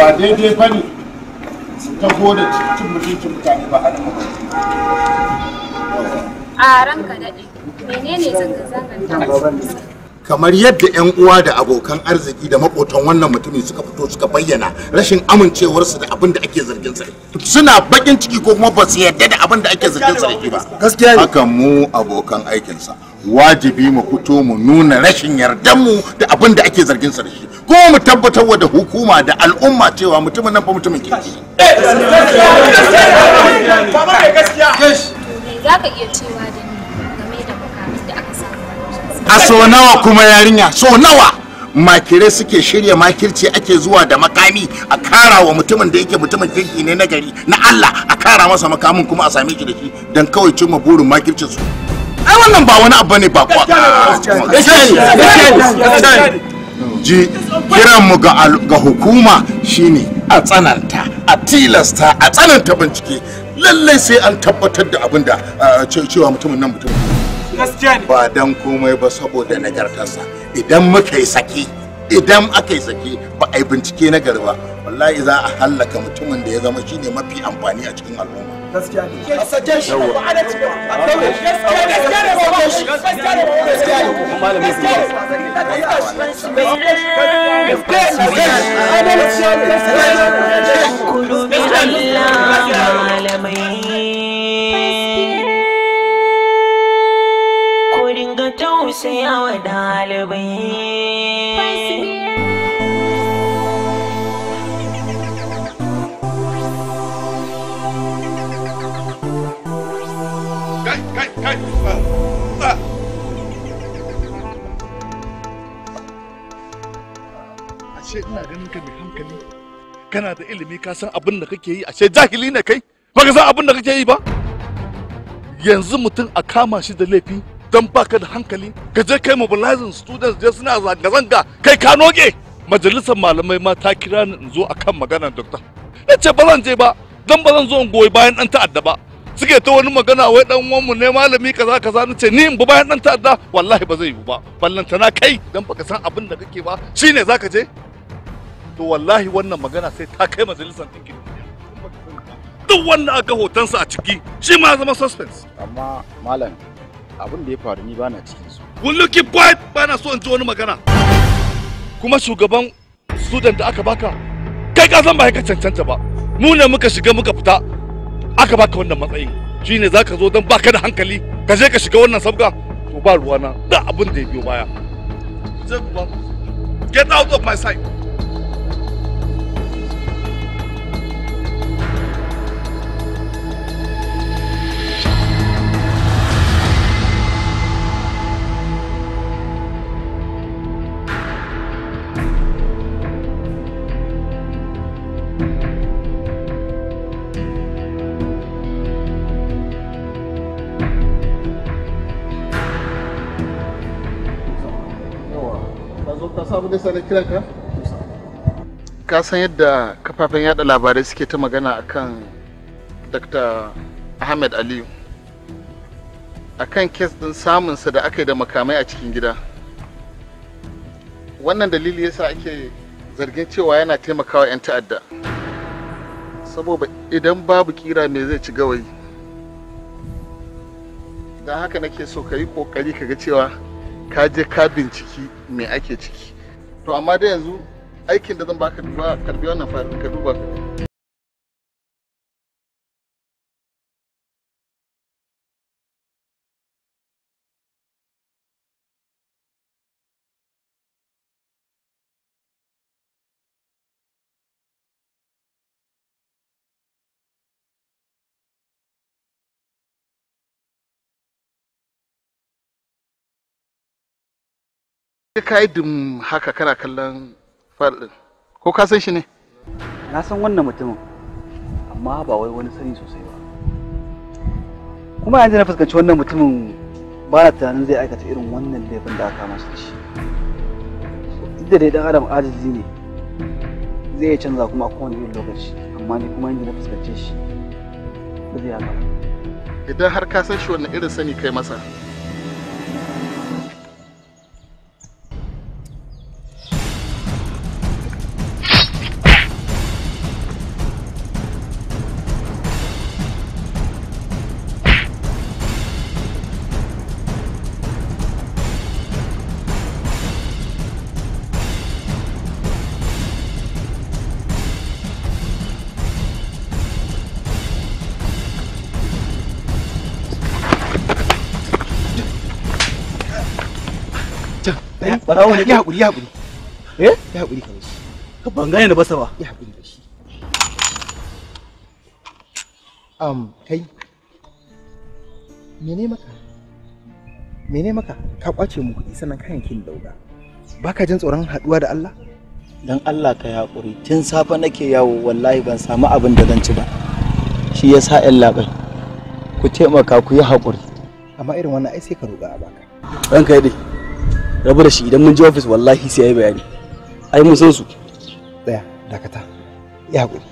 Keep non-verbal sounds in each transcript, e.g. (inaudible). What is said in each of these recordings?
ba daidai ba ne su taho da cin mutuncin mutane ba har a ranka daɗe menene zanga-zangar kamar yadda 'yan uwa da abokan arziki da makotan wannan mutumin suka fito suka bayyana rashin amincewarsu da abin da ake zargin sa suna bakin ciki ko kuma ba su yarda da abin da ake zargin sa ba gaskiya ne haka mu abokan aikinsa wajibi mu fito mu nuna rashin mu da abin da ake zargin sa da shi ko mu tabbatar wa da hukuma da al'umma cewa mutumin nan fa mutumin kirki a so nawa kuma yarinya so nawa makire suke shirya makirci ake zuwa da makami a kara wa mutumin da yake mutumin kirki ne na gari na Allah a kara masa makamin kuma a same shi da shi don kawai cimma burin makircin su ai wannan ba wani abu ne ba kwa ji kiranmu ga hukuma shine a tsananta a tilasta a tsananta bincike lallai sai an tabbatar da abin da cewa mutumin nan mutum ba dan komai ba saboda nagartarsa idan muka yi saki idan aka yi saki ba a yi bincike na gari ba wallahi za a hallaka mutumin da ya zama shine mafi amfani a cikin al'umma gaskiya ne a sake shi ba ana cewa a daure gaskiya ne gaskiya ne ba shi gaskiya ne gaskiya ne malami gaskiya ne gaskiya ne gaskiya ne malamai ku dinga tausayawa dalibai hankali kana da ilimi ka san abin da kake yi ashe jahili ne kai ba ka san abin da kake yi ba yanzu mutum a kama shi da laifi don ba ka da hankali ka je kai mobilizing students je suna zanga-zanga kai ka noge majalisar malamai ma ta kira ni in zo akan maganar dokta na ce ba zan je ba don ba zan zo in goyi bayan dan ta'adda ba suke ta wani magana wai dan uwanmu ne malami kaza kaza nace ni in bi bayan dan ta'adda wallahi ba zai yi ba ballantana kai dan baka san abin da kake ba shine zaka je to wallahi wannan magana sai ta kai majalisar ɗinkin duk wanda aka hotonsa a ciki shi ma zama suspense amma malam abin da ya faru ni bana cikin su wuluki boy bana so in ji wani magana kuma shugaban sudan da aka baka kai ka san ba ka cancanta ba mu ne muka shiga muka fita aka baka wannan matsayin shine zaka zo dan baka da hankali ka je ka shiga wannan sabga to ba ruwana da abin da ya biyo baya get out of my sight ka san yadda kafafen yada labarai suke ta magana akan dr ahmed aliyu akan kes din samunsa da aka yi da makamai a cikin gida wannan dalili yasa ake zargin cewa yana taimakawa 'yan ta'adda saboda idan babu kira me zai ci gawayi don haka nake so ka yi kokari ka ga cewa ka je ka binciki me ake ciki to amma da yanzu aikin da zan baka duba karbi wannan fayil ka duba ka ka yi dum haka kana kallon faɗin ko ka san shi ne na san wannan mutumin amma ba wai wani sani sosai ba kuma yanzu na fuskanci wannan mutumin ba na tunanin zai aikata irin wannan laifin da aka masa shi duk dai dan adam ajizi ne zai canza kuma a kowane irin lokaci amma ni kuma yanzu na fuskance shi ba zai haka idan har ka san shi wannan irin sani kai masa barawo ne ya hakuri ya hakuri eh ya hakuri ka shi ka ban gane da basa ba ya hakuri da shi am kai mene maka mene maka ka kwace mu kuɗi sannan kayan kin dauka baka jin tsoron haɗuwa da Allah dan Allah ka ya hakuri tun safa nake yawo wallahi ban samu abin da zan ci ba shi yasa ƴan labai ku taimaka ku yi haƙuri. amma irin wannan ai sai ka roƙa a baka ranka yi dai rabu da shi idan mun je ofis wallahi sai yayi bayani ai mun san su tsaya dakata ya hakuri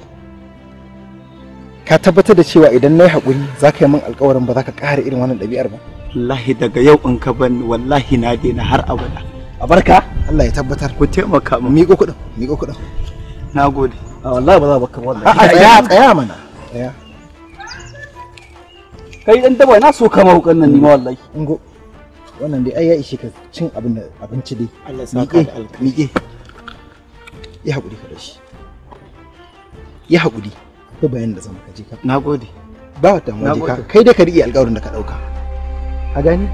ka tabbatar da cewa idan na yi hakuri za ka yi min alkawarin ba za ka ƙara irin wannan ɗabi'ar ba wallahi daga yau in ka bani wallahi na daina har abada a barka Allah ya tabbatar ku taimaka mu miƙo kuɗin miƙo kuɗin na gode a wallahi ba za baka wallahi ya tsaya mana tsaya kai dan daba na so ka mahukan nan ni ma wallahi wannan dai ai ya ishe ka cin abin da abinci dai Allah saka da miƙe ya haƙuri ka dashi ya haƙuri ko bayanin da zama ka je ka nagode ba ta mu je ka kai dai ka riƙe alƙawarin da ka ɗauka A gani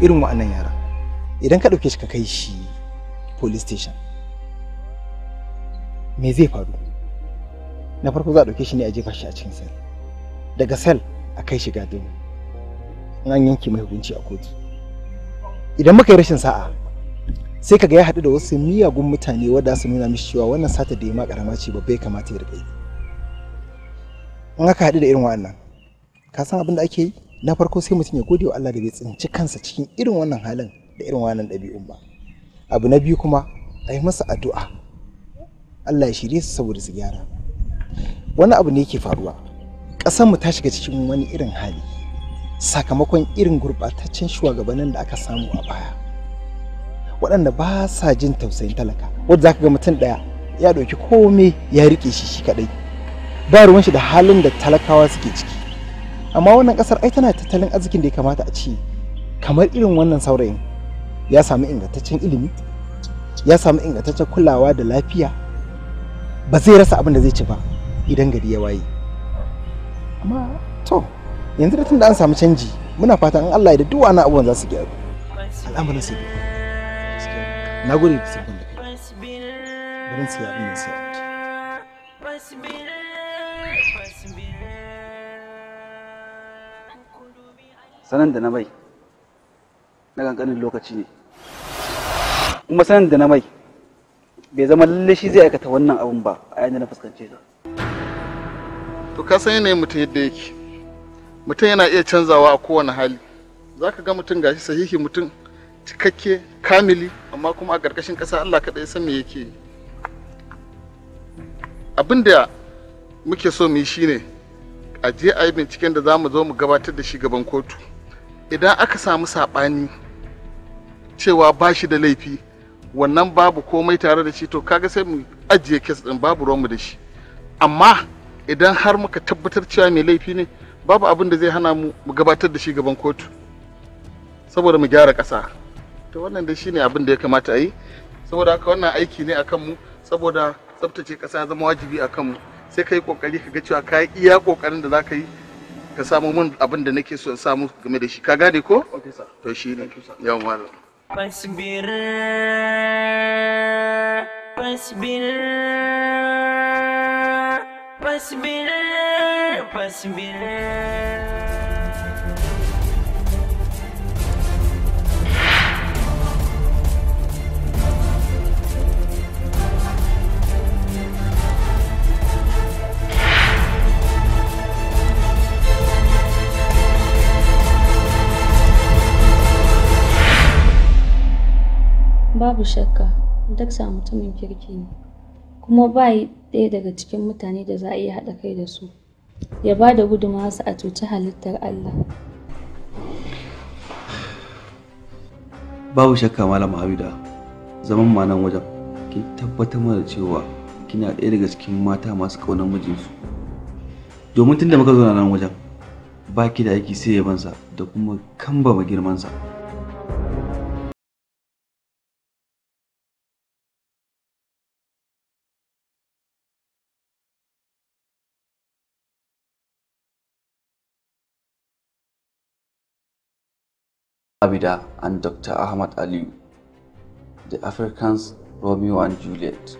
irin wa'annan yara idan ka ɗauke shi ka kai shi police station me zai faru na farko za a ɗauke shi ne a jefa shi a cikin sel daga sel a kai shi gadon an yanke mai hukunci a kotu idan muka yi rashin sa'a sai kaga ya haɗu da wasu miyagun mutane wadda su nuna mishi cewa wannan sata da ma karama ce babba ya kamata ya rike in aka haɗu da irin wannan ka san abin da ake yi na farko sai mutum ya gode wa Allah da bai tsinci kansa cikin irin wannan halin da irin wannan ɗabi'un ba abu na biyu kuma a yi masa addu'a Allah ya shirye su saboda su gyara wani abu ne yake faruwa ƙasar mu ta shiga cikin wani irin hali sakamakon irin gurɓataccen shugabannin da aka samu a baya waɗanda ba sa jin tausayin talaka wadda za ka ga mutum ɗaya ya ɗauki komai ya riƙe shi shi kaɗai ba ruwan shi da halin da talakawa suke ciki amma wannan ƙasar ai tana tattalin arzikin da ya kamata a ci. kamar irin wannan saurayin ya samu ingantaccen ilimi ya samu ingantaccen kulawa da lafiya ba zai rasa abin da zai ci ba idan gari ya waye amma to yanzu da tun da an samu canji muna fatan in Allah ya da duk na abubuwan za su gyaru al'amarin su gyaru na gode da sabon da kai bari su yi abin da sanan da na mai na kankanin lokaci ne kuma sanan da na mai bai zama lalle shi zai aikata wannan abun ba a yanzu na fuskance ta to ka san yanayin mutum yadda yake mutum yana iya canzawa a kowane hali za ka ga mutum gashi sahihi mutum cikakke kamili amma kuma a ƙarƙashin ƙasa allah kaɗai san me yake abin da muke so mu yi shine a je a yi binciken da za mu zo mu gabatar da shi gaban kotu idan aka samu saɓani cewa ba shi da laifi wannan babu komai tare da shi to kaga sai mu ajiye kes ɗin babu ruwanmu da shi amma idan har muka tabbatar cewa mai laifi ne babu abin da zai hana mu mu gabatar da shi gaban kotu saboda mu gyara ƙasa to wannan da shine abin da ya kamata a yi saboda haka wannan aiki ne akan mu saboda tsabtace ƙasa zama wajibi akan mu sai ka yi ƙoƙari ka ga cewa ka yi iya ƙoƙarin da za ka yi ka samu mun abin da nake so samu game da shi ka gane ko to shi ne yawan malam fasbir fasbir babu shakka duk samu mutumin kirki ne kuma ba ɗaya daga cikin mutane da za a iya haɗa kai da su ya ba da gudunmawarsa a cuci halittar Allah. Babu shakka Malam Hamida zaman ma nan wajen ki tabbatar mana cewa kina ɗaya daga cikin mata masu ƙaunar mijinsu. Domin tun da muka zo nan wajen baki da aiki sai yabansa da kuma kamba girmansa. girmansa. Abida and Dr. Ahmad Aliyu, the Africans Romeo and Juliet.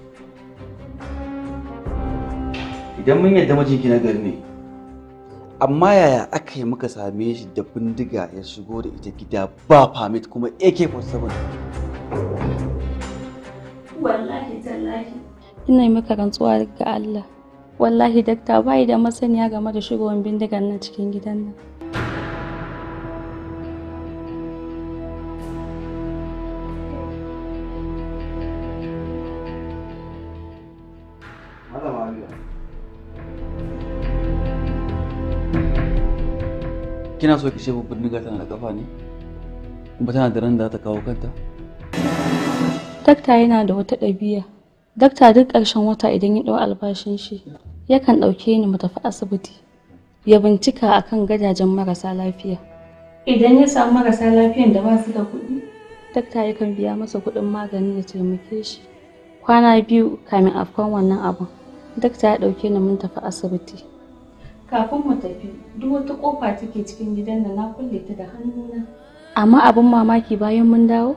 Idan mun yadda na gari ne, amma yaya aka yi muka same shi da bindiga ya shigo da ita gida ba permit kuma AK-47? Wallahi tallahi. Ina yi maka rantsuwa ga Allah. Wallahi dakta bai da masaniya game da shigowar bindigan nan cikin gidan nan. kina so ki ce babban gata tana da kafa ne kuma tana da ran da ta kawo kanta dakta yana da wata ɗabi'a dakta duk ƙarshen wata idan ya ɗau albashin shi yakan ɗauke ni mu tafi asibiti ya bincika akan gadajen marasa lafiya idan ya samu marasa lafiyan da ba su da kuɗi dakta yakan biya masa kuɗin magani ya taimake shi kwana biyu kamin afkon wannan abun dakta ya ɗauke ni mun tafi asibiti kafin mu tafi duk wata kofa take cikin gidan nan na kulle ta da hannuna amma abin mamaki bayan mun dawo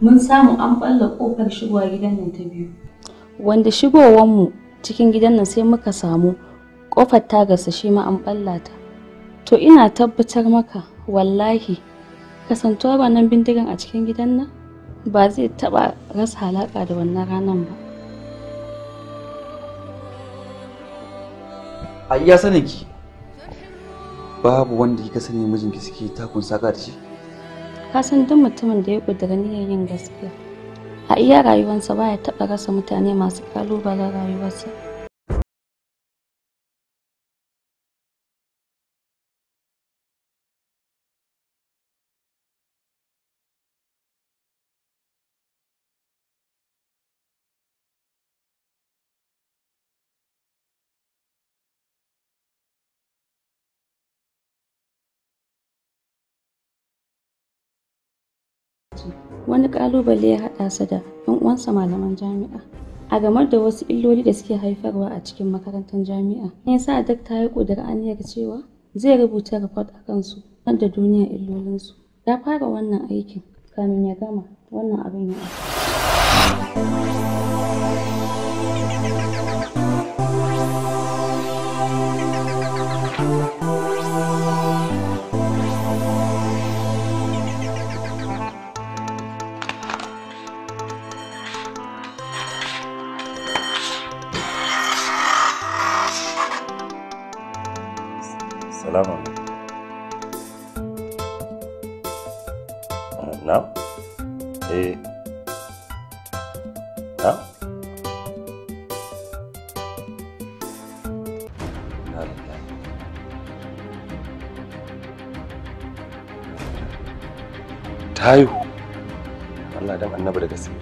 mun samu an balla kofar shigowa gidan nan ta biyu wanda shigowar mu cikin gidan nan sai muka samu kofar ta gasa shi ma an balla ta to ina tabbatar maka wallahi kasantuwa ba nan bindigan a cikin gidan nan ba zai taba rasa halaka da wannan ranan ba a iya sanin ki babu wanda kika sani mijinki suke takun saka da shi ka san duk mutumin da ya kudura niyyar yin gaskiya a iya rayuwarsa baya taɓa rasa mutane masu kalubalen rayuwarsa wani kalubale ya haɗa su da 'yan uwansa malaman jami'a a game da wasu illoli da suke haifarwa a cikin makarantar jami'a ya sa duk ta yi ƙudura aniyar cewa zai rubuta report a kansu kan da duniya illolinsu ya fara wannan aikin kamin ya gama wannan abin ya Eh. Ja. Ta haihu. Allah dan annabi da gaske.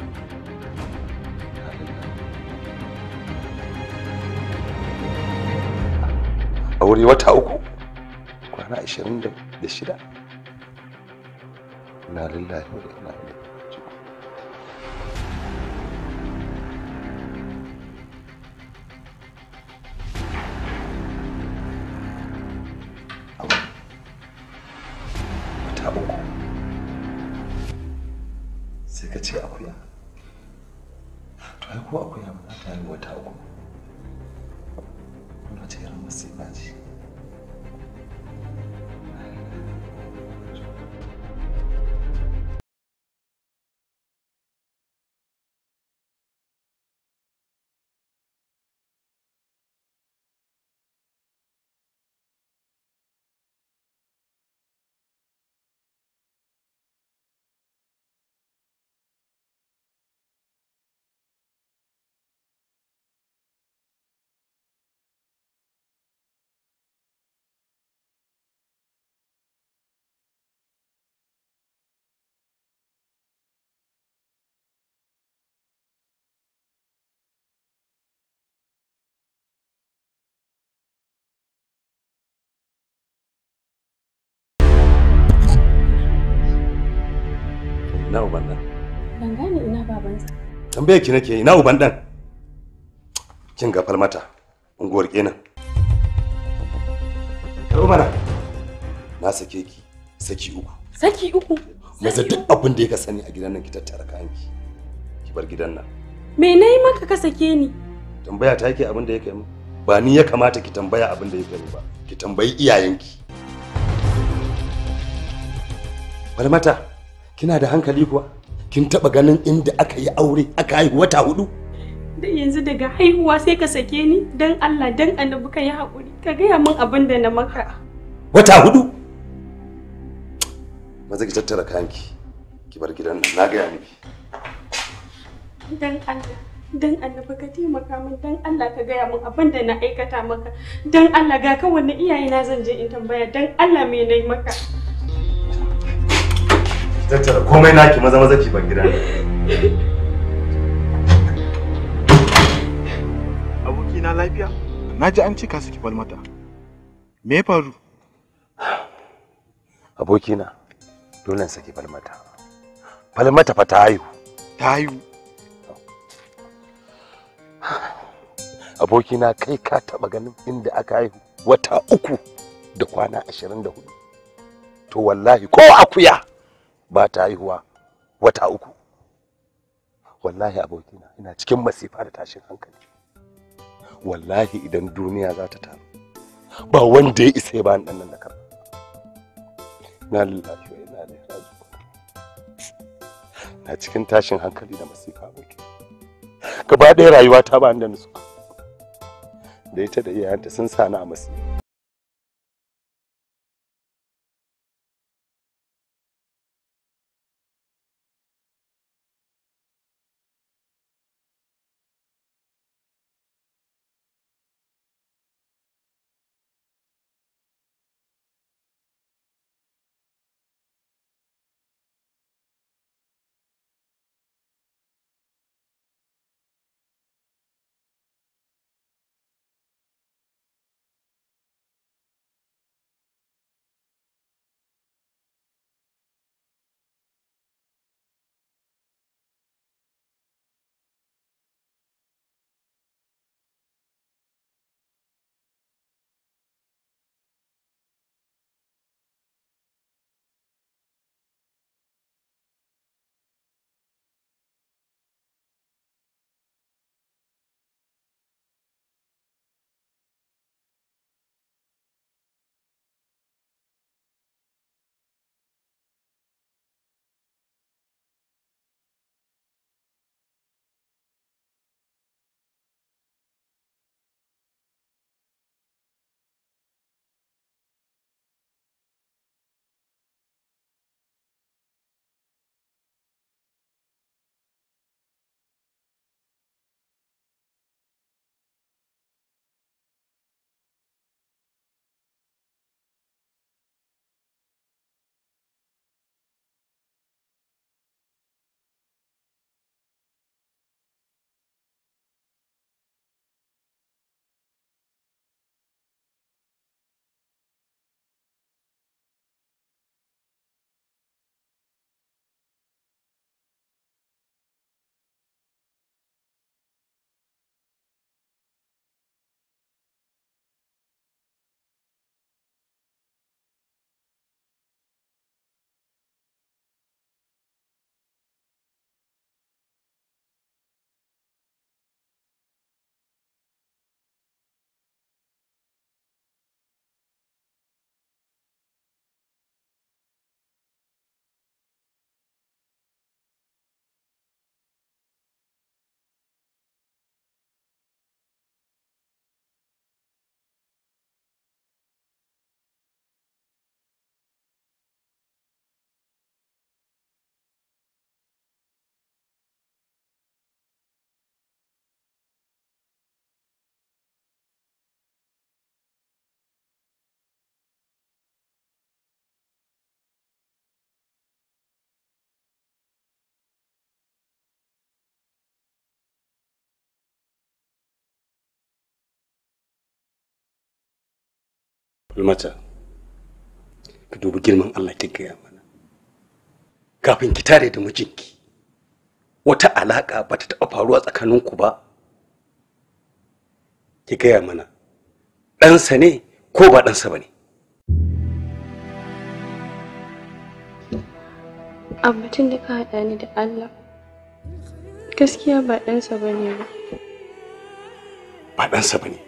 Aure wata uku kwana 26. Na lillahi wa inna ilaihi. ina uban dan ban gane ina babansa tambaye ki nake ina uban dan kin ga falmata. unguwar kenan karɓi mana na sake ki saki uku saki uku maza duk abin da ya ka sani a gidan nan ki tattara kayan ki ki bar gidan nan me na yi maka ka sake ni tambaya ta yake abin da ya kai mu ba ni ya kamata ki tambaya abin da ya kai mu ba ki tambayi iyayenki Falmata, kina da hankali kuwa kin taba ganin inda aka yi aure aka haihu wata hudu da yanzu daga haihuwa sai ka sake ni dan Allah dan annabi ka yi hakuri ka gaya min abin da na maka wata hudu maza ki tattara kanki ki bar gidan nan na gaya miki dan Allah dan annabi ka taimaka min dan Allah ka gaya min abin da na aikata maka dan Allah ga kawai wanne iyaye na zan je in tambaya dan Allah me nayi maka tattara komai naki maza maza ki ban gida aboki na lafiya na ji an ce ka saki falmata me ya faru aboki na dole saki falmata falmata fa ta haihu ta haihu aboki na kai ka taba ganin inda aka haihu wata uku da kwana ashirin da hudu to wallahi ko akuya ba ta haihuwa wata uku wallahi abokina ina cikin masifa da tashin hankali wallahi idan duniya za ta taru ba wanda ya isa ba nan nan da kar na lillahi wa ina ilaihi raji'un na cikin tashin hankali da masifa abokin gaba ɗaya rayuwa ta ba da nutsuwa da ita da iyayenta sun sa ni a masifa Almata, ka dubi girman Allah ta gaya mana. Kafin ki tare da mijinki, wata alaƙa ba ta taɓa faruwa tsakaninku ba. Ki gaya mana, ɗansa ne ko ba ɗansa ba ne? abincin da ka haɗa ni da Allah, gaskiya ba ɗansa ba ne ba. Ba ɗansa ba ne.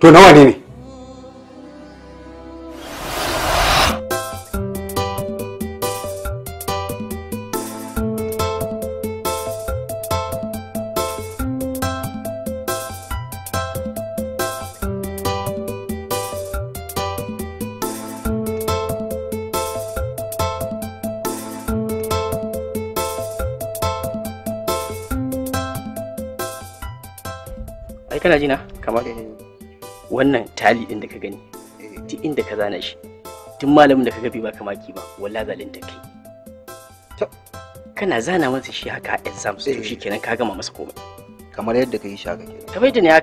To nawa ne ne? kana jina kamar wannan tali din da ka gani eh. duk inda ka zana shi duk malamin da ka gabi ba kamaki ba wallahi zalunta kai kana zana masa shi haka exam to eh. shikenan ka gama masa komai kamar yadda ka yi shaka kenan kamar yadda ne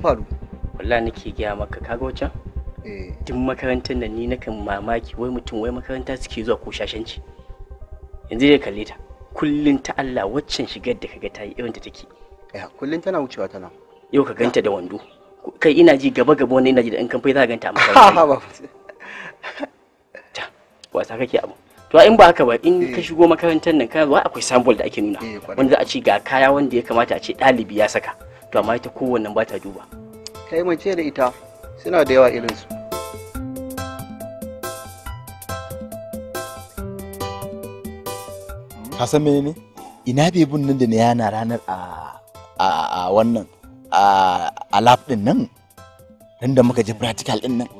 faru wallahi nake gaya maka kaga wacan eh. duk makarantar da ni nakan mamaki wai mutum wai makaranta suke zuwa ko shashanci yanzu dai kalle ta kullun ta Allah waccan shigar da kaga ta yi irin ta take eh kullun tana wucewa tana yau ka ganta da wando kai ina ji gaba gaba wannan ina ji da in kan kamfai za ka ganta a makaranta (laughs) ta wasa kake abu to in ba haka ba in eh. ka shigo makarantar nan ka akwai sample da ake nuna eh, wanda za a ce ga kaya wanda ya kamata a ce ɗalibi ya saka to amma ita kowanne ba ta duba kai mace da ita suna da yawa irinsu ka san menene ina bebin nan da na yana ranar a wannan a lab din nan nan da muka je practical din nan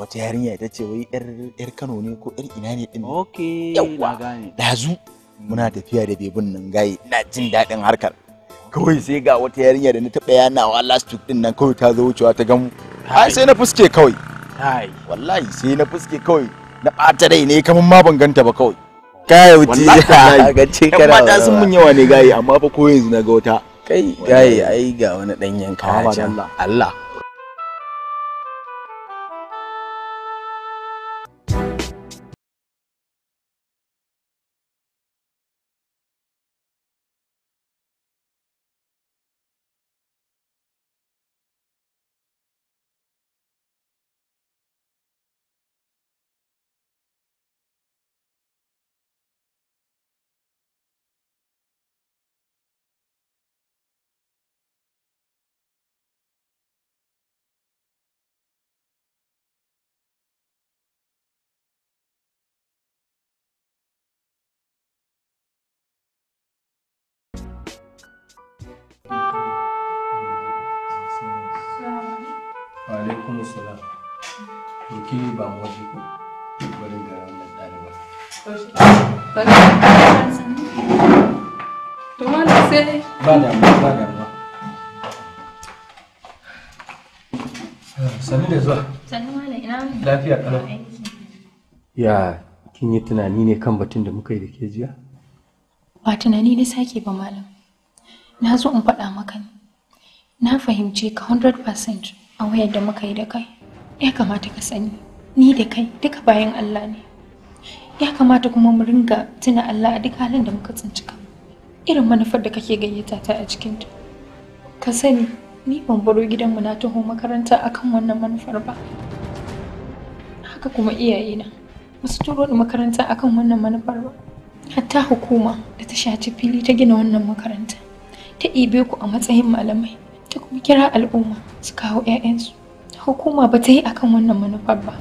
wata yarinya ita ce wai yar Kano ne ko yar ina ne din okay yawa dazu muna tafiya da bebin nan gaye na jin daɗin harkar kawai sai ga wata yarinya da na taɓa yanawa last week din nan kawai ta zo wucewa ta gamu ai sai na fuske kawai wallahi sai na fuske kawai na ɓata rai ne kamar ma ban ganta ba kawai kaya wuce (laughs) ga ce kana mata sun mun yawa ne gayi amma fa ko yanzu na ga wata kai gayi ai ga wani dan yanka Allah Allah alaikum salam yake ba mu waje ku bari ga wannan ɗaliban to malam sai ba damuwa ba damuwa sani da zuwa sani malam ina lafiya kalau ya kin yi tunani ne kan batun da muka yi da ke jiya ba tunani ne sake ba malam na zo in faɗa maka ne na fahimce ka 100% a wayar da muka yi da kai ya kamata ka sani ni da kai duka bayan Allah ne ya kamata kuma mu ringa tuna Allah a duk halin da muka tsinci kan irin manufar da kake gayyata ta a cikin ta ka sani ni ban baro gidanmu na taho makaranta akan wannan manufar ba haka kuma iyayena ba su turo ni makaranta akan wannan manufar ba hatta hukuma da ta shaci fili ta gina wannan makaranta ta ibe ku a matsayin malamai ta kuma kira al'umma su kawo 'ya'yansu hukuma ba ta yi akan wannan manufar ba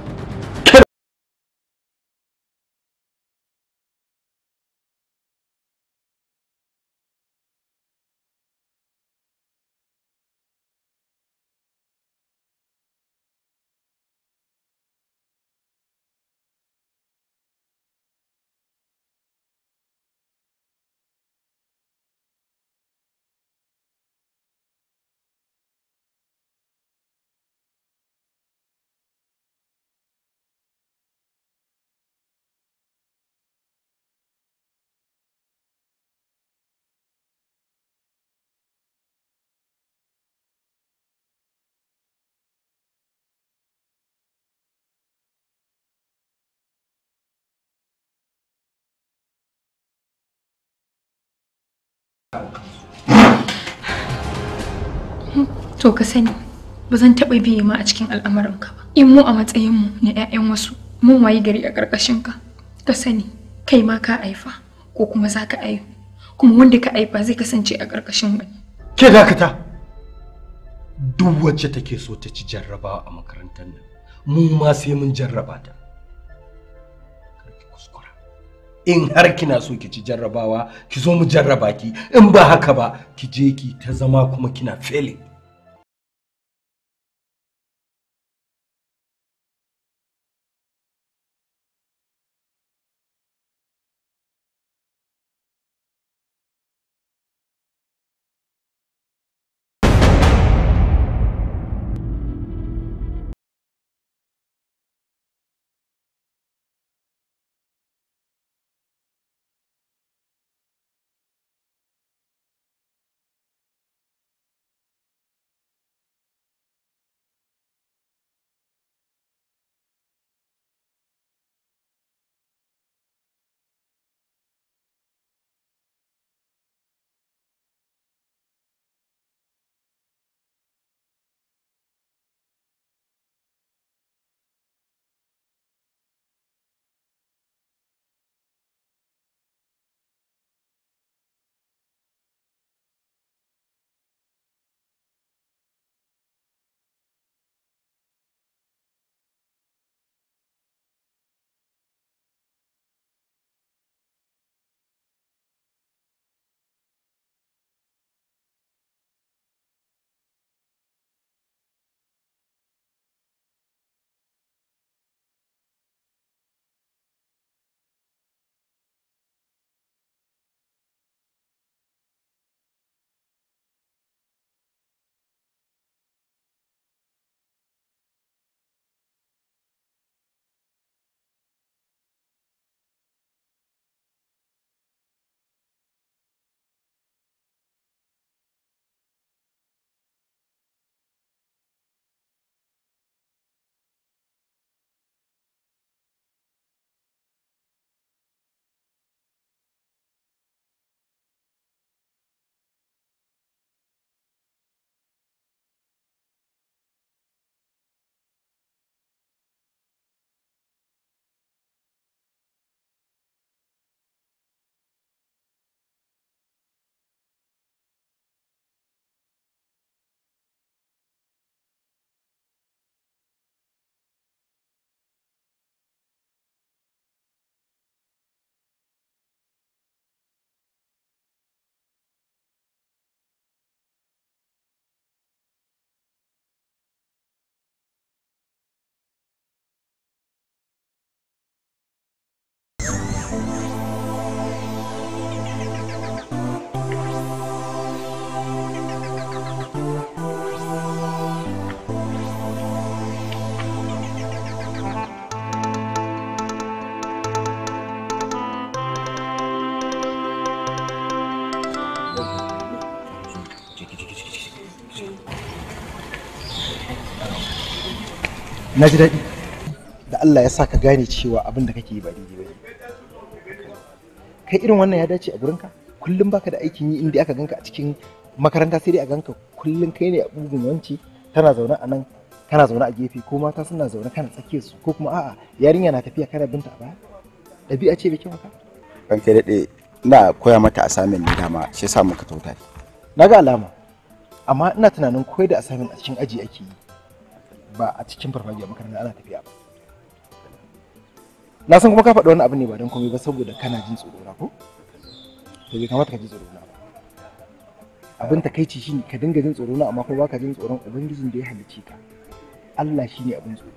To ka sani, ba zan taɓa biye ma a cikin al'amuranka ba. In mu a matsayinmu na 'ya'yan wasu, mun wayi gari a ƙarƙashinka. Ka sani, kai ma ka aifa, ko kuma za ka aifa Kuma wanda ka aifa zai kasance a ƙarƙashin wani. Ke dakata! Duk wacce take so ta ci jarrabawa a makarantar nan, mu ma sai mun jarraba ta. in har kina so ki ci jarrabawa ki zo mu jarraba ki in ba haka ba ki je ki ta zama kuma kina failing na ji daɗi da Allah ya sa ka gane cewa abin da kake yi ba daidai ba kai irin wannan ya dace a gurinka kullum baka da aikin yi inda aka ganka a cikin makaranta sai dai a ganka kullum kai ne a bugun wanci tana zaune a nan kana zaune a gefe ko mata suna zaune kana tsakiyar su ko kuma a'a yarinya na tafiya kana binta a baya ɗabi'a ce bai kyau haka kan kai daɗe ina koya mata assignment ne dama shi yasa muka tauta na ga alama amma ina tunanin koyar da asamin a cikin aji ake yi ba a cikin farfajiyar makaranta ana tafiya ba na san kuma ka faɗi wani abu ne ba don komai ba saboda kana jin tsoro na ko to bai kamata ka ji tsoro na ba abin ci shi ka dinga jin tsoro na amma ko baka jin tsoron ubangijin da ya halicce ka Allah shine abin tsoro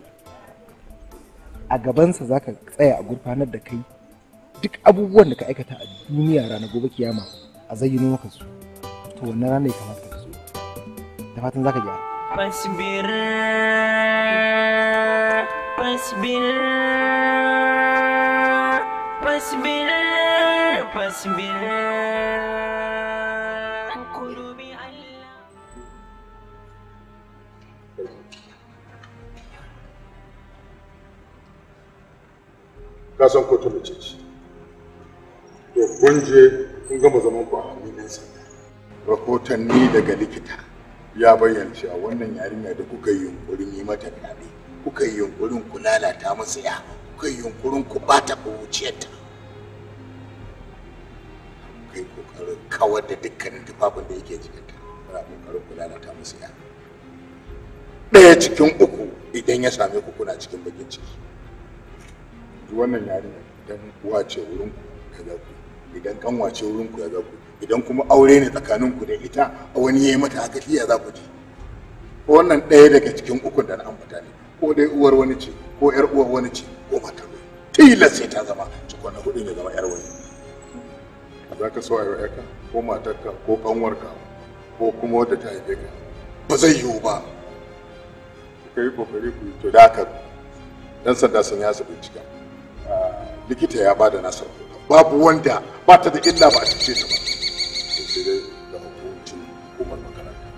a gabansa zaka tsaya a gurfanar da kai duk abubuwan da ka aikata a duniya rana gobe kiyama a zayyano maka su to wannan rana ya kamata ka tsoro da fatan zaka gyara Pasbir Pasbir Pasbir Pasbir ka san ko ta mace ce to kun je kun gama zaman ku a hannun rahotanni daga likita ya bayyana cewa wannan yarinya da kuka yi yunkurin yi mata fyaɗe kuka yi yunkurin ku lalata masa ya kuka yi yunkurin ku bata kuruciyarta kai kokarin kawar da dukkanin tufafin da yake jikinta kana kokarin ku lalata masa ya ɗaya cikin uku idan ya same ku kuna cikin bakin ciki wannan yarinya dan uwa ce wurin ku kada ku idan kanwace wurin ku ya za ku idan kuma aure ne tsakanin ku da ita a wani yayi mata haka iya za ku ji wannan ɗaya daga cikin ukun da na ambata ne ko dai uwar wani ce ko yar uwar wani ce ko matar ne tilas sai ta zama cikon na hudu ne zama yar wani za ka so a yi ko ko matarka ko kanwarka ko kuma wata ta haife ka ba zai yiwu ba ka yi kokari ku to da haka dan sanda sun yasa bincika ah, likita ya bada nasara babu wanda ba ta da illa ba a cikin ta ba sai dai da hukuncin hukumar makaranta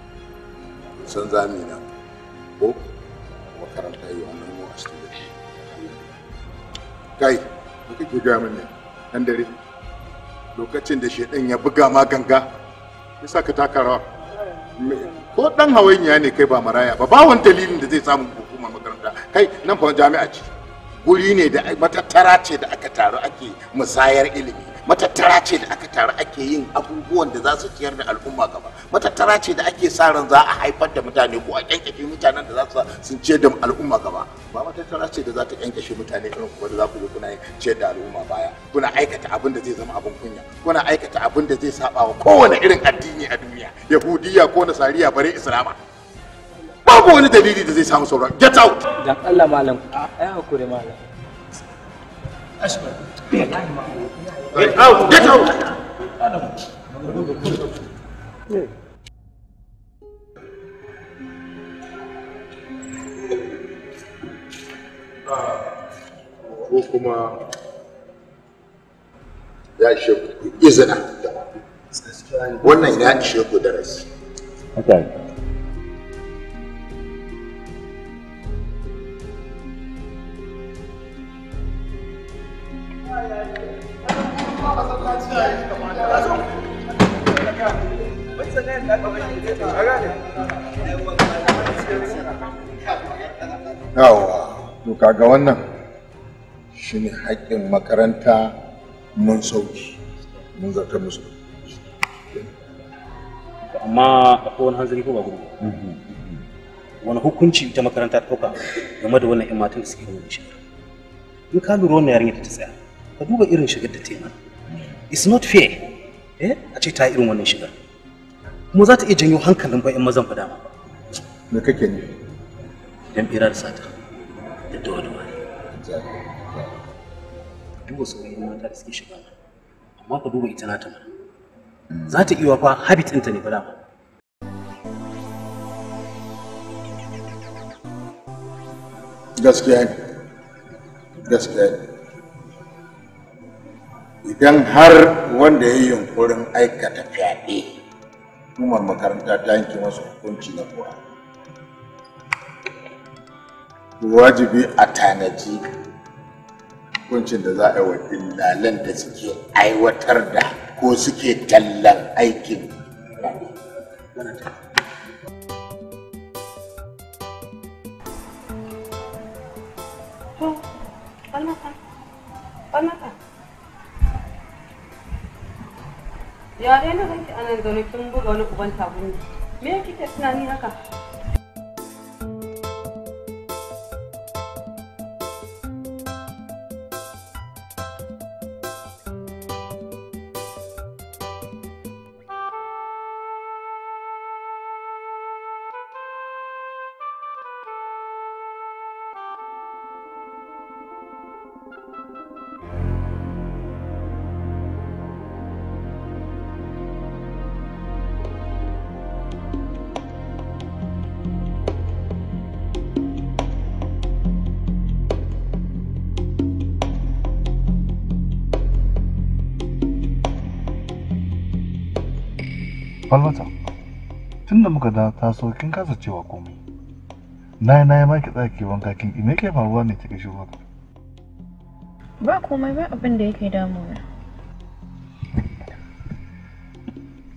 san zami na ko makaranta yi wannan mu a cikin shi kai da kake gaya mun ne nan dare lokacin da shedan ya buga ma ganga ya saka takarawa ko dan hawainiya ne kai ba maraya ba ba wani dalilin da zai samu hukumar makaranta kai nan fa jami'a ce guri ne da matattara ce da aka taru ake musayar ilimi matattara ce da aka taru ake yin abubuwan da za su ciyar da al'umma gaba matattara ce da ake sa ran za a haifar da mutane ko a kyankyashe mutanen da za su sun ciyar da al'umma gaba ba matattara ce da za ta kyankyashe mutane irin kuma da za ku kuna ciyar da al'umma baya kuna aikata abin da zai zama abin kunya kuna aikata abin da zai saba wa kowane irin addini a duniya yahudiya ko nasariya bare islama babu wani dalili da zai samu saura get out dan Allah malam ai hakuri malam ashbar get out get out ko kuma ya ishe ku izina wannan ya ishe ku darasi yawa to kaga wannan ne haƙƙin makaranta mun sauki mun zata musu amma akwai wani hanzari ko ba gudu wani hukunci ita makaranta ta ɗauka game da wannan 'yan matan da suke rubuta shi in ka lura wannan yarinya ta tsaya ka duba irin shigar da ta yi it's not fair eh a ce ta irin wannan shigar kuma za ta iya janyo hankalin bayan mazan fada ba. me kake ne dan bira da sata da dawa dawa duba sauran mata da suke shiga amma ka duba ita nata mana za ta iya fa habit ɗinta ne fada dama gaskiya ne gaskiya ne idan har wanda ya yi yunkurin aikata fyaɗe hukumar makaranta ta yanke masa hukunci na kuwa wajibi a tanaji hukuncin da za a yi wa dillalan da suke aiwatar da ko suke tallan aikin ya dai na ganki anan zaune kin buga wani uban tagumi me kike tunani haka falmata tunda muka da taso kin kasa cewa komai na yi na yi maki tsaki wanka kin ki me ke faruwa ne cikin shigo ba komai ba abin da yake damuna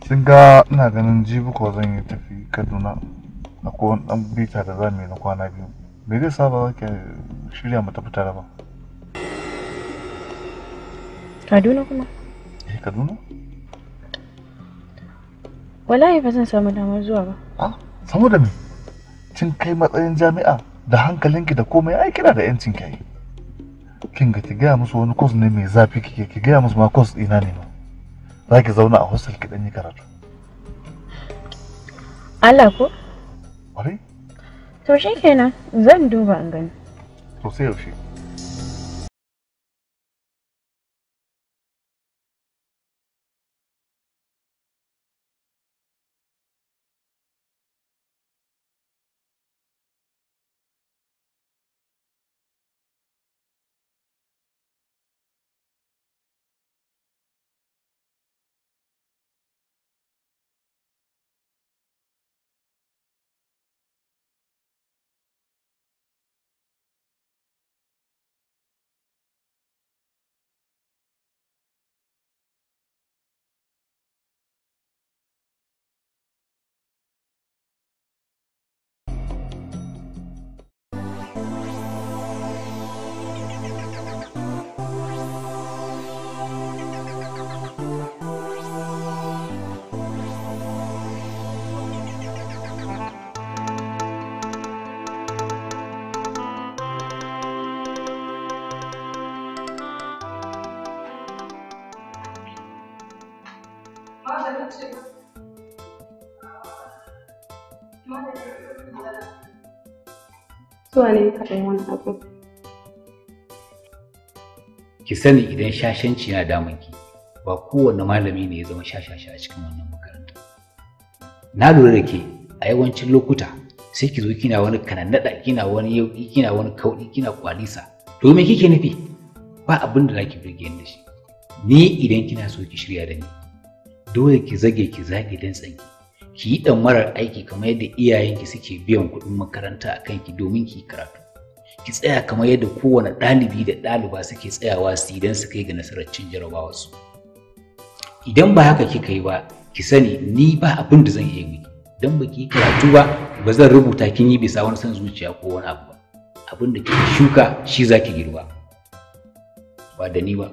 Sun ga ina ganin jibi ko zan yi tafi kaduna a kowane dan bita da za mu yi na kwana biyu me zai saba za shirya mu tafi tare ba kaduna kuma eh kaduna Wallahi ba zan samu damar zuwa ba. A ah, saboda me? Kin kai matsayin jami'a da hankalinki da komai ai kina da yancin kai. Kin ga ki gaya musu wani course ne mai zafi kike ki gaya musu ma course ina ne ma. Za ki zauna a hostel ki yi karatu. Allah ko? Wari? To shi kenan zan duba in gani. To sai yaushe. zuwa ne wani abu. Ki sani idan shashanci yana ki, ba kowane malami ne ya zama shashasha a cikin wannan makaranta. Na lura da ke a yawancin lokuta sai ki zo kina wani kanannaɗa kina wani yauƙi kina wani kauɗi kina kwalisa domin me kike nufi ba abin da zaki birge da shi ni idan kina so ki shirya da ni dole ki zage ki zage dan tsanki ki yi ɗamarar aiki kamar yadda iyayenki suke biyan kuɗin makaranta a kanki domin ki karatu ki tsaya kamar yadda kowane ɗalibi da ɗaliba suke tsayawa su idan su kai ga nasarar cin su. idan ba haka kika yi ba ki sani ni ba abin da zan iya miki Idan ba ki yi karatu ba ba zan rubuta kin yi bisa wani son zuciya ko wani abu ba abin da kika shuka shi za ki girba ba da ni ba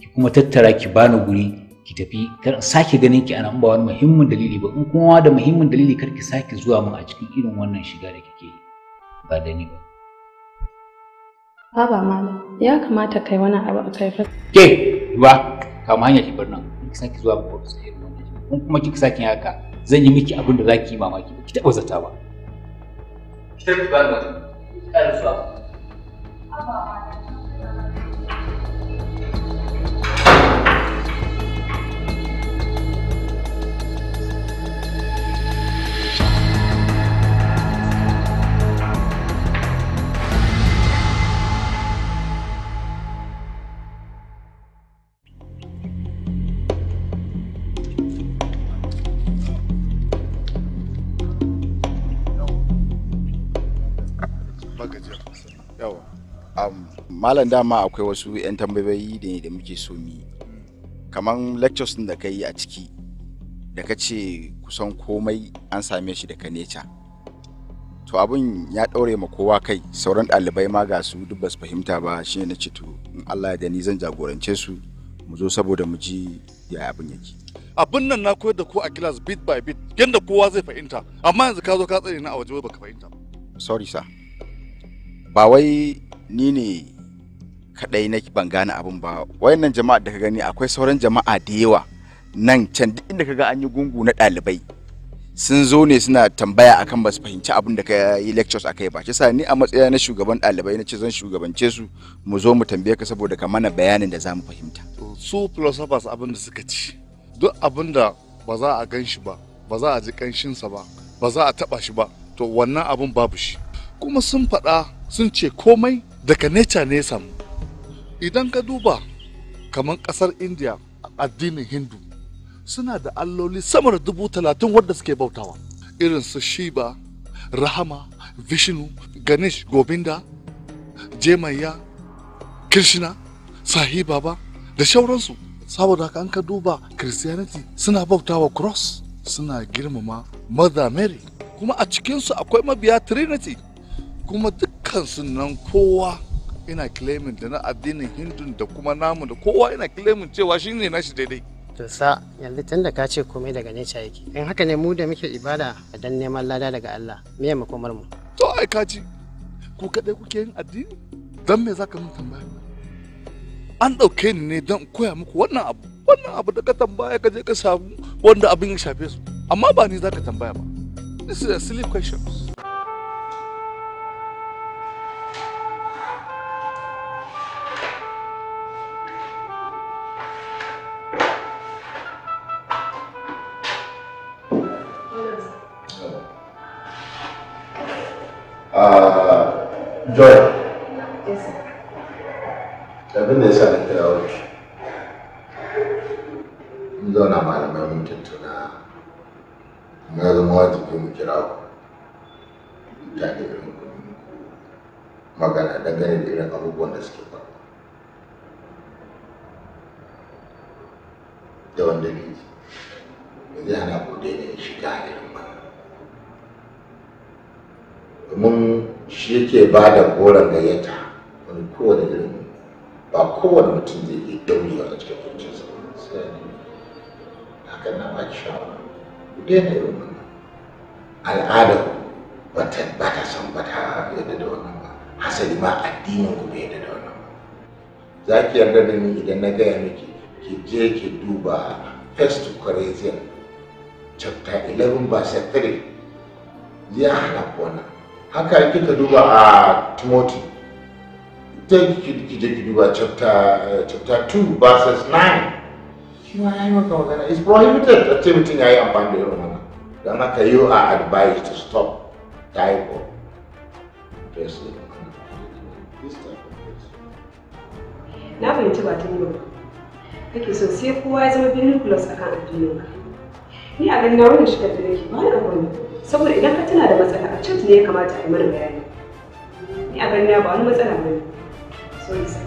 ki kuma tattara ki bani guri ki tafi kar sake ganin ki ana ba wani muhimmin dalili ba in kuma da muhimmin dalili kar ki sake zuwa mun a cikin irin wannan shiga da kike yi ba da ni ba Baba mama ya kamata kai wani abu a kai ke ba kama hanya ki bar nan ki sake zuwa ba ku sai wannan in kuma kika sake haka zan yi miki abin da zaki yi mamaki ki taba zata ba ki tafi ba ga ƙarfa Baba malam malam dama akwai wasu 'yan tambayoyi da ne da muke so mu kamar lectures din da ka yi a ciki da ka ce kusan komai an same shi daga neca to abin ya ɗaure ma kowa kai sauran ɗalibai ma ga su duk basu fahimta ba shi na ce to in Allah ya ni zan jagorance su mu zo saboda mu ji ya abin yake abin nan na koyar da ku a class bit by bit yadda kowa zai fahimta amma yanzu ka zo ka tsare ni a waje baka fahimta sorry sir ba wai ni ne kadai na ban gane abin ba wayannan jama'a da ka gani akwai sauran jama'a da yawa nan can duk inda ka ga an yi gungu na ɗalibai sun zo ne suna tambaya akan ba su fahimci abin da ka yi lectures a kai ba shi sa ni a matsayi na shugaban ɗalibai na ce zan shugabance su mu zo mu tambaye ka saboda ka mana bayanin da za mu fahimta su philosophers abin da suka ci duk abin da ba za a gan shi ba ba za a ji ƙanshinsa ba ba za a taɓa shi ba to wannan abin babu shi kuma sun faɗa sun ce komai daga nature ne samu idan ka duba kamar ƙasar india addinin hindu suna da alloli sama da dubu talatin wadda suke bautawa irin su shiba rahama vishnu ganesh gobinda Jemaya, krishna sahi baba da shauransu saboda haka an ka duba christianity suna bautawa cross suna girmama mother mary kuma a cikinsu akwai mabiya trinity kuma dukkan nan kowa ina claiming da na addinin hindu da kuma namu da kowa ina claiming cewa shi ne nashi daidai to sa yanzu tun da ka ce komai daga neca yake in haka ne mu da muke ibada dan neman lada daga Allah me mu komar mu to ai ka ji ku kadai kuke yin addini don me za ka mun tambaya an ɗauke ni ne don koya muku wannan abu wannan abu da ka tambaya ka je ka samu wanda abin ya shafe su amma ba ni za ka tambaya ba this is a silly question. Uh, joy abin da ya sa na kira wuce mun zauna malamai mun tattuna na zama wajibi mu kira ku ta irin ku magana dangane da irin abubuwan da suke ba da wanda ne zai hana bude ne shiga irin ba Mun shi yake ba da goron gayyata wani kowane irin ba kowane mutum zai iya dauri a cikin zuciyarsa sai hakan na ba ki shawara ku daina yi wannan al'adar ba ta san ba ta yadda da wannan ba hasali ma addinin ku bai yadda da wannan ba za ki yarda da ni idan na gaya miki ki je ki duba first corinthians chapter 11 verse 3 ya hana ku wannan haka yake kika duba a timothy ita ki je ki duba chapter eh, chapter 2 verses 9 shi ma yayi maka magana is prohibited a ce mutum yayi amfani da irin wannan don haka yi a advised to stop type of dressing this type of dressing na fahimci ba tun yau kake so sai kowa ya zama binnin plus akan addinin ka ni a ganin na wannan shigar da nake ba na gwamnati saboda idan ka tana da matsala a chat ne ya kamata a yi mana bayani ni a ganin ba wani matsala ba ne so ni sa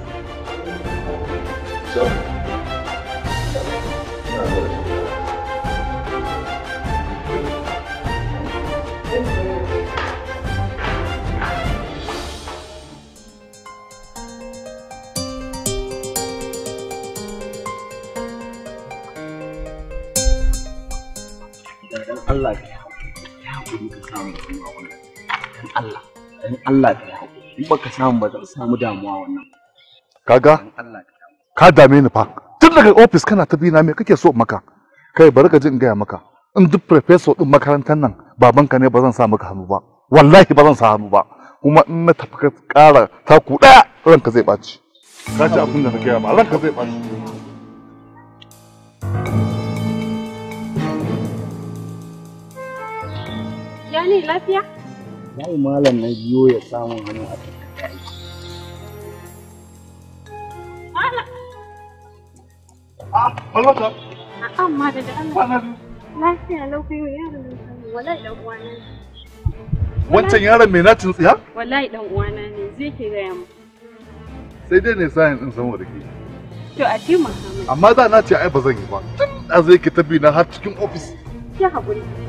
Allah wannan Allah Allah ka haƙuri in baka samu ba zan samu damuwa wannan kaga ka dame ni fa tun daga office kana ta bina me kake so maka kai bari ka ji in gaya maka in duk professor din makarantar nan babanka ne ba zan sa maka hannu ba wallahi ba zan sa hannu ba kuma in na tafi ka ƙara taku ɗaya ranka zai ka ji abin da gaya ma ranka zai ɓaci Ya ne lafiya? Yau malam na biyo ya samu hannu a ah, tattaka A'a da yaron Wancan yaron mai natin tsiya? Wallahi dan uwana ne, zai ke gaya mu. Sai dai ne sayan din saboda ke. To a ce Amma za na ce ai ba zan yi ba. Tun a zai ki tabi na har cikin ofis. Ki haƙuri.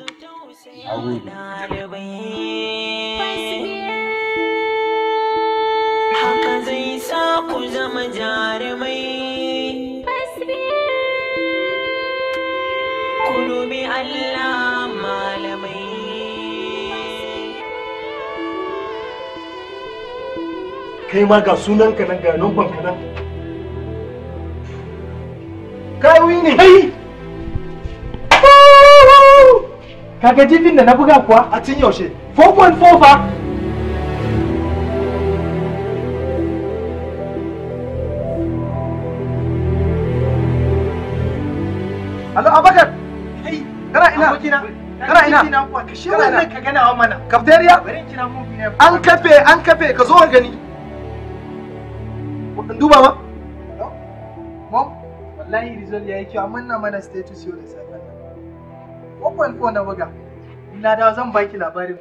a zai sa ku zama jarumai kai ma ga sunan ka nan ga numfanka nan ne kaga jifin da na buga kuwa a cin yaushe 4.4 fa Alo Abakar kana ina kana ina ka shi wannan ka gana wa mana kafteriya an kafe an kafe ka zo ka gani duba ma mom wallahi result yayi kyau amma na mana status yau da safe 0.4 na buga. Ina dawo zan baki labarin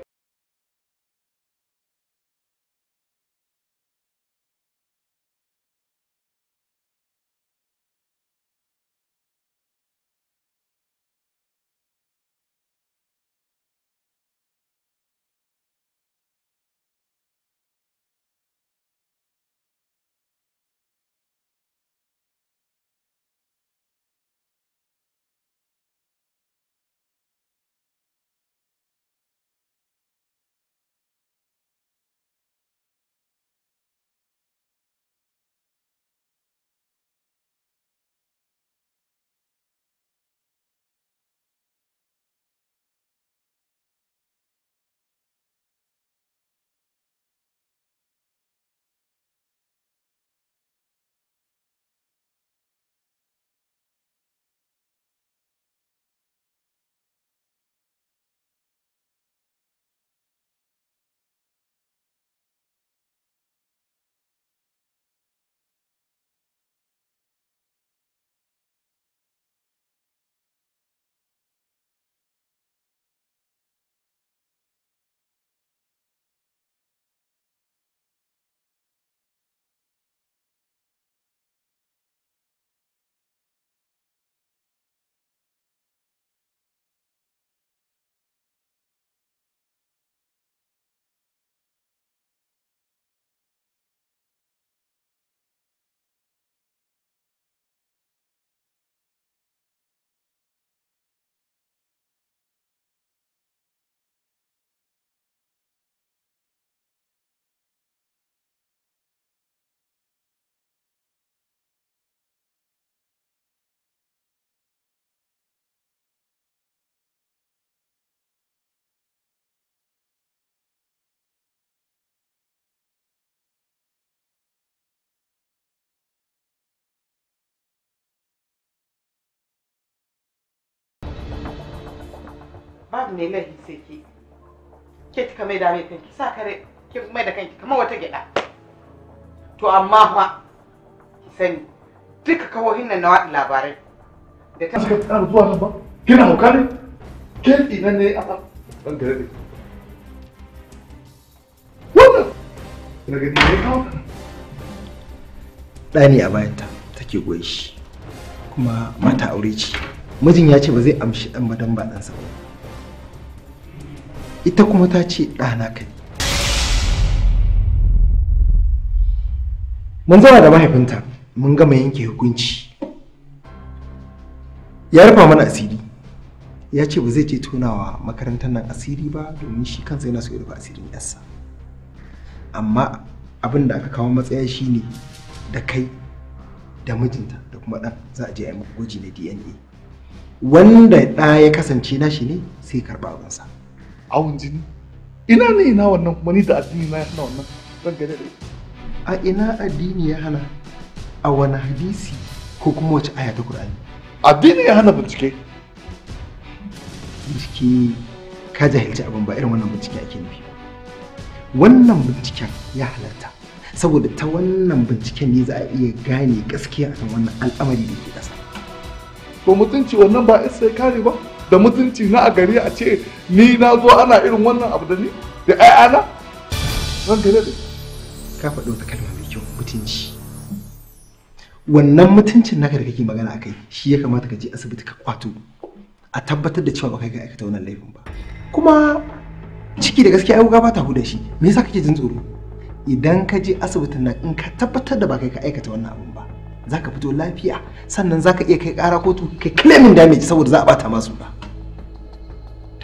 babu ne lahi sai ke ke ka mai da mai kanki sa kare ki mai da kanki kamar wata gyada to amma fa ki sani duka kawohin nan na waɗi labarai da ta ce tsara zuwa nan ba kina hauka ne ke ina ne a ɗan da daɗe wannan na gani ne kawo ɗani a bayanta take goyi shi kuma mata aure ce mijin ya ce ba zai amshi ɗan madan ba ɗansa ba ita kuma ta ce ɗana kai mun zauna da mahaifinta mun gama yanke hukunci ya rufa mana asiri ya ce ba zai je tunawa makarantar nan asiri ba domin shi kansa yana so ya rufa asirin yarsa amma abin da aka kawo matsaya shine da kai da mijinta da kuma ɗan za a je a yi gwaji na dna wanda ɗa ya kasance nashi ne sai karɓa abinsa. awon jini ina ne ina wannan kuma ni da addini na hana wannan zan gane da a ina addini ya hana a wani hadisi ko kuma wace aya ta Qur'ani addini ya hana bincike bincike ka jahilci abin ba irin wannan bincike ake nufi wannan binciken ya halatta saboda ta wannan binciken ne za a iya gane gaskiya akan wannan al'amari da ke ƙasa Ba mutunci wannan ba isa ya kare ba da mutunci na a gari a ce ni na zo ana irin wannan abu da ni da ana ran gare da ka faɗo ta kalma mai kyau mutunci wannan mutuncin na da kake magana akai shi ya kamata ka je asibiti ka kwato a tabbatar da cewa ba kai ga aikata wannan laifin ba kuma ciki da gaskiya ai ba ta huda shi me yasa kake jin tsoro idan ka je asibitin nan in ka tabbatar da ba kai ka aikata wannan abu ba zaka fito lafiya sannan zaka iya kai kara kotu kai claiming damage saboda za a bata masu ba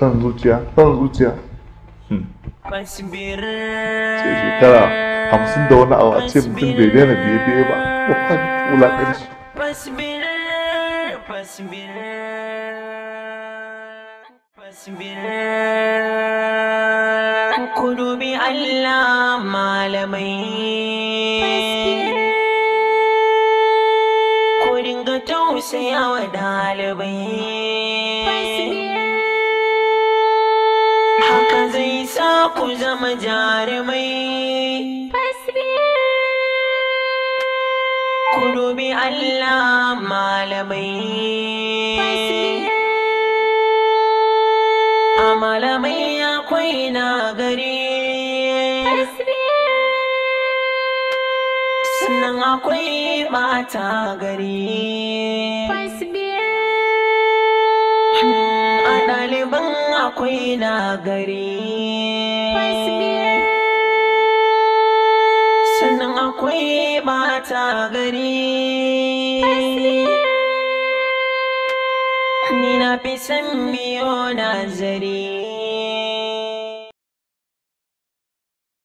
Ɗan zuciya, ɗan zuciya. Ce shekara hamsin da wani abu a ce mutum bai daina biye biye ba, ko kwanin wulaƙanci. Kudubi Allah malamai. Ku dinga tausaya ɗalibai. ku zama jarumai ku dubi Allah malamai a malamai akwai na gari sannan akwai mata gari a ɗaliban akwai na gari aure mata gari ni na fi san biyo nazari